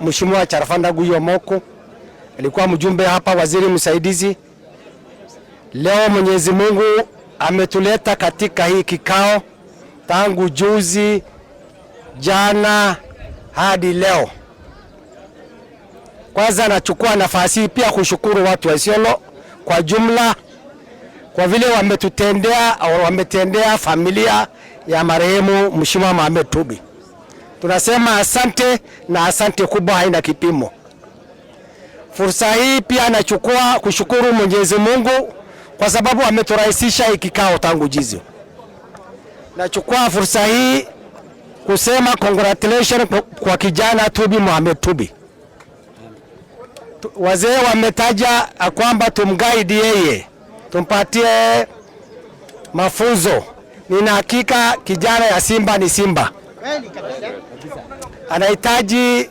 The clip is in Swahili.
Mheshimiwa Charafanda Guyo Moko alikuwa mjumbe hapa, waziri msaidizi. Leo Mwenyezi Mungu ametuleta katika hii kikao tangu juzi jana hadi leo. Kwanza nachukua nafasi hii pia kushukuru watu wa Isiolo kwa jumla kwa vile wametutendea au wametendea familia ya marehemu Mheshimiwa Mohamed Tubi. Tunasema asante na asante kubwa haina kipimo. Fursa hii pia nachukua kushukuru Mwenyezi Mungu kwa sababu ameturahisisha hii kikao tangu jizi. Nachukua fursa hii kusema congratulations kwa kijana Tubi Mohamed Tubi. Wazee wametaja kwamba tumguide yeye, tumpatie mafunzo. Nina hakika kijana ya Simba ni Simba anahitaji